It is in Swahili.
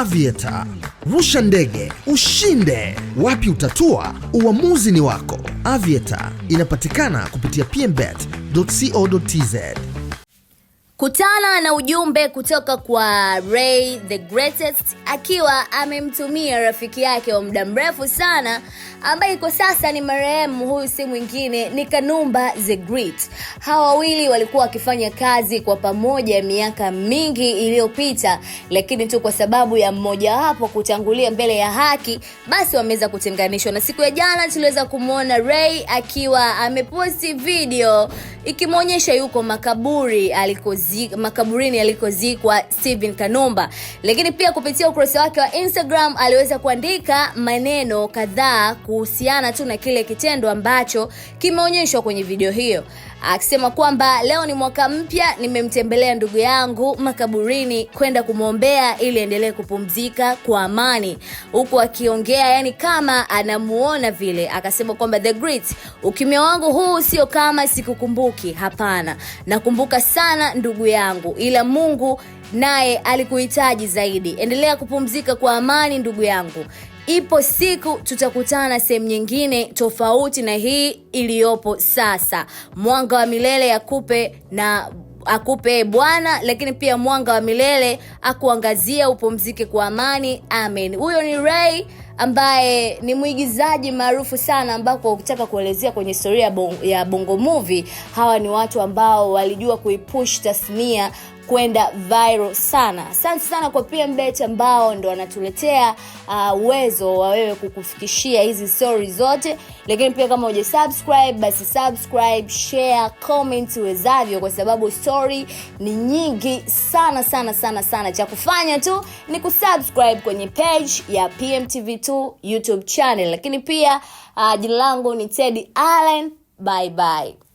Aviator. Rusha ndege, ushinde. Wapi utatua? Uamuzi ni wako. Aviator inapatikana kupitia pmbet.co.tz. Kutana na ujumbe kutoka kwa Ray the Greatest akiwa amemtumia rafiki yake wa muda mrefu sana ambaye kwa sasa ni marehemu, huyu si mwingine ni Kanumba the Great. Hawa wawili walikuwa wakifanya kazi kwa pamoja miaka mingi iliyopita, lakini tu kwa sababu ya mmojawapo kutangulia mbele ya haki, basi wameweza kutenganishwa. Na siku ya jana tuliweza kumwona Ray akiwa ameposti video ikimwonyesha yuko makaburi aliko makaburini alikozikwa Steven Kanumba. Lakini pia kupitia ukurasa wake wa Instagram aliweza kuandika maneno kadhaa kuhusiana tu na kile kitendo ambacho kimeonyeshwa kwenye video hiyo, akisema kwamba leo ni mwaka mpya, nimemtembelea ndugu yangu makaburini kwenda kumwombea ili endelee kupumzika kwa amani, huku akiongea yani kama anamuona vile, akasema kwamba the great, ukimya wangu huu sio kama sikukumbuki, hapana, nakumbuka sana ndugu ndugu yangu, ila Mungu naye alikuhitaji zaidi. Endelea kupumzika kwa amani ndugu yangu. Ipo siku tutakutana sehemu nyingine tofauti na hii iliyopo sasa. Mwanga wa milele akupe na akupe Bwana, lakini pia mwanga wa milele akuangazia, upumzike kwa amani. Amen. Huyo ni Ray ambaye ni mwigizaji maarufu sana, ambapo ukitaka kuelezea kwenye historia ya bongo, movie, hawa ni watu ambao walijua kuipush tasnia kwenda viral sana. Asante sana kwa PMBet ambao ndo wanatuletea uh, uwezo uh, wa wewe kukufikishia hizi story zote, lakini pia kama uje subscribe, basi subscribe, share, comment uwezavyo, kwa sababu story ni nyingi sana sana sana sana. Cha kufanya tu ni kusubscribe kwenye page ya PMTV2 yetu YouTube channel, lakini pia uh, jina langu ni Teddy Allen. Bye bye.